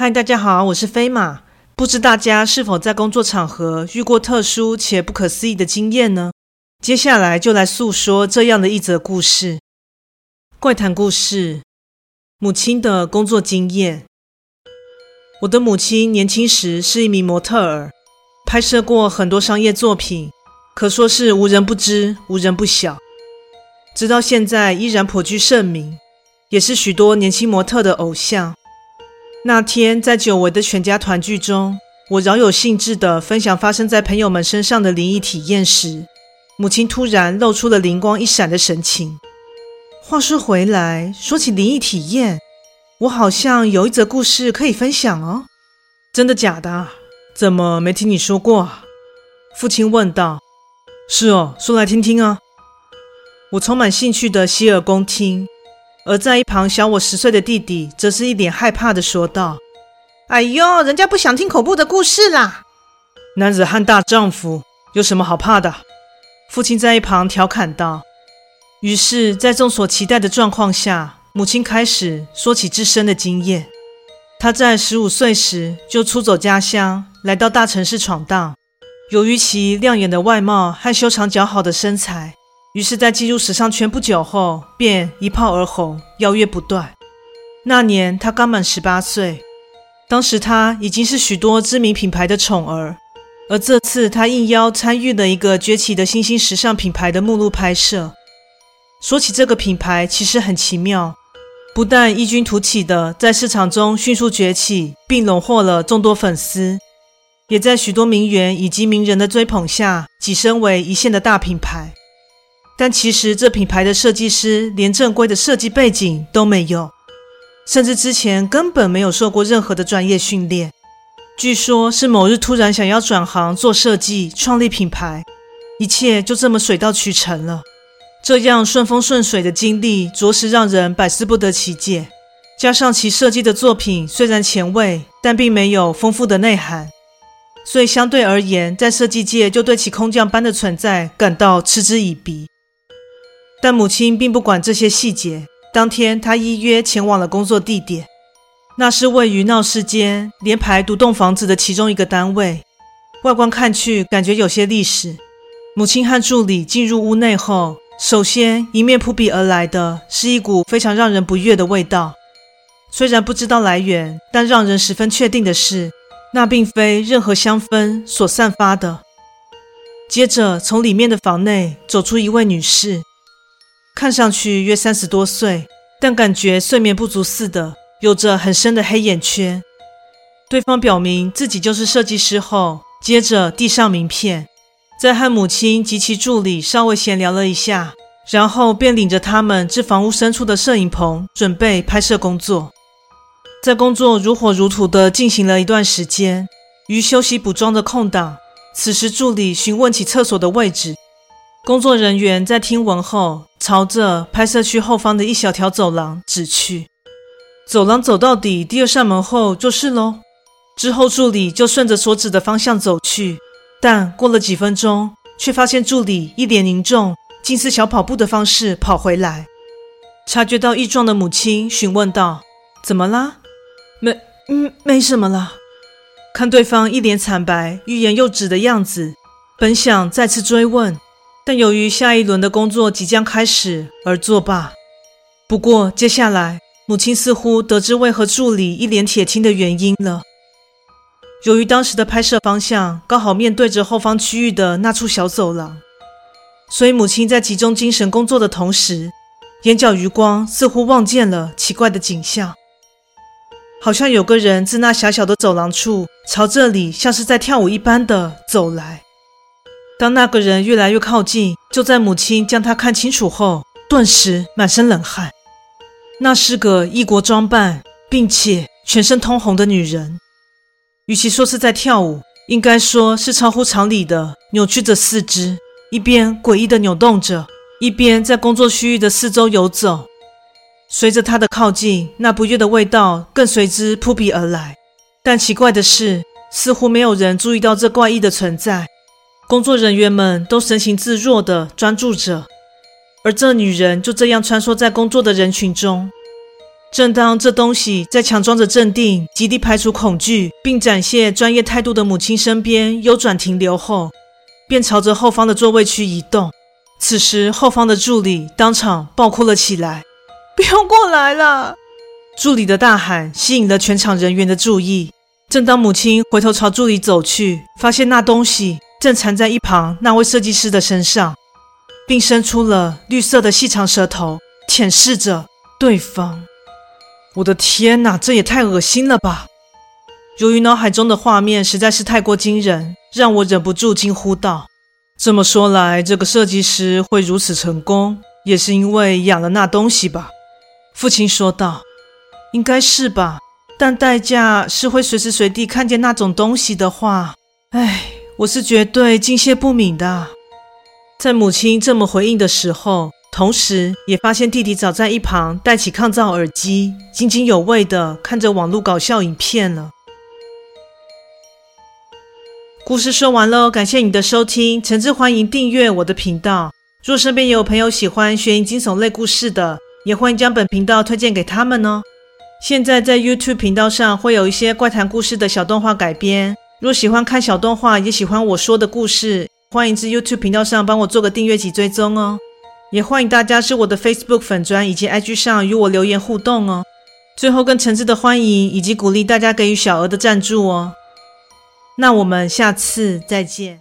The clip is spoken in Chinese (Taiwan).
嗨，大家好，我是飛馬。不知大家是否在工作場合遇過特殊且不可思議的經驗呢？接下來就來訴說這樣的一則故事。怪談故事：母親的工作經驗。我的母親年輕時是一名模特兒，拍攝過很多商業作品，可說是無人不知，無人不曉。直到現在依然頗具盛名，也是許多年輕模特的偶像。那天在久違的全家團聚中，我饒有興致地分享發生在朋友們身上的靈異體驗時，母親突然露出了靈光一閃的神情。話說回來，說起靈異體驗，我好像有一則故事可以分享哦。真的假的？怎麼沒聽你說過？父親問道。是哦，說來聽聽啊。我充滿興趣地洗耳恭聽。而在一旁小我十歲的弟弟則是一臉害怕地說道：“哎呦，人家不想聽恐怖的故事啦！”男子漢大丈夫有什麼好怕的？父親在一旁調侃道。於是，在眾所期待的狀況下，母親開始說起自身的經驗。她在十五歲時就出走家鄉，來到大城市闖蕩。由於其亮眼的外貌和修長姣好的身材，於是，在進入時尚圈不久後，便一炮而紅，邀約不斷。那年他剛滿十八歲，當時他已經是許多知名品牌的寵兒。而這次，他應邀參與了一個崛起的新興時尚品牌的目錄拍攝。說起這個品牌，其實很奇妙，不但異軍突起的在市場中迅速崛起，並籠获了眾多粉絲，也在許多名媛以及名人的追捧下，躋身為一線的大品牌。但其實這品牌的設計師連正規的設計背景都沒有，甚至之前根本沒有受過任何的專業訓練。據說，是某日突然想要轉行做設計，創立品牌，一切就這麼水到渠成了。這樣順風順水的經歷，着實讓人百思不得其解。加上其設計的作品雖然前衛，但並沒有豐富的內涵，所以相對而言，在設計界就對其空降般的存在感到嗤之以鼻。但母親並不管這些細節。當天，她依約前往了工作地點，那是位於鬧市間連排獨棟房子的其中一個單位。外觀看去，感覺有些歷史。母親和助理進入屋內後，首先迎面撲鼻而來的是一股非常讓人不悅的味道。雖然不知道來源，但讓人十分確定的是，那並非任何香氛所散發的。接着，從裡面的房內走出一位女士。看上去約三十多歲，但感覺睡眠不足似的，有着很深的黑眼圈。對方表明自己就是設計師後，接着遞上名片，在和母親及其助理稍微閒聊了一下，然後便領着他們至房屋深處的攝影棚，準備拍攝工作。在工作如火如荼地進行了一段時間，於休息補妝的空檔，此時助理詢問起廁所的位置。工作人員在聽聞後，朝着拍攝區後方的一小條走廊指去，走廊走到底，第二扇門後就是嘍。之後，助理就順着所指的方向走去，但過了幾分鐘，卻發現助理一臉凝重，近似小跑步的方式跑回來。察覺到異狀的母親詢問道：“怎麼啦？”“沒……嗯，沒什麼啦。”看對方一臉慘白、欲言又止的樣子，本想再次追問。但由於下一輪的工作即將開始，而作罷。不過接下來，母親似乎得知為何助理一臉鐵青的原因了。由於當時的拍攝方向剛好面對着後方區域的那處小走廊，所以母親在集中精神工作的同時，眼角餘光似乎望見了奇怪的景象，好像有個人自那狹小的走廊處朝這裡像是在跳舞一般的走來。當那個人越來越靠近，就在母親將他看清楚後，頓時滿身冷汗。那是個異國裝扮，並且全身通紅的女人。與其說是在跳舞，應該說是超乎常理的扭曲着四肢，一邊詭異的扭動着，一邊在工作區域的四周遊走。隨着她的靠近，那不悅的味道更隨之撲鼻而來。但奇怪的是，似乎沒有人注意到這怪異的存在。工作人員們都神情自若地專注着，而這女人就這樣穿梭在工作的人群中。正當這東西在強裝着鎮定、極力排除恐懼，並展現專業態度的母親身邊悠轉停留後，便朝着後方的座位區移動。此時，後方的助理當場暴哭了起來：“不用過來了！”助理的大喊吸引了全場人員的注意。正當母親回頭朝助理走去，發現那東西。正纏在一旁那位設計師的身上，並伸出了綠色的細長舌頭，舔舐着對方。我的天哪，這也太惡心了吧！由於腦海中的畫面實在是太過驚人，讓我忍不住驚呼道：“這麼說來，這個設計師會如此成功，也是因為養了那東西吧？”父親說道：“應該是吧，但代價是會隨時隨地看見那種東西的話，唉。”我是絕對敬謝不敏的。在母親這麼回應的時候，同時也發現弟弟早在一旁戴起抗噪耳機，津津有味的看着網絡搞笑影片了。故事說完了，感謝你的收聽，誠摯歡迎訂閱我的頻道。若身邊有朋友喜歡懸疑驚悚類故事的，也歡迎將本頻道推薦給他們哦。現在在 YouTube 頻道上會有一些怪談故事的小動畫改編。若喜歡看小動畫，也喜歡我說的故事，歡迎至 YouTube 頻道上幫我做個訂閱及追蹤哦。也歡迎大家至我的 Facebook 粉專以及 IG 上與我留言互動哦。最後，更誠摯的歡迎以及鼓勵大家給予小額的贊助哦。那我們下次再見。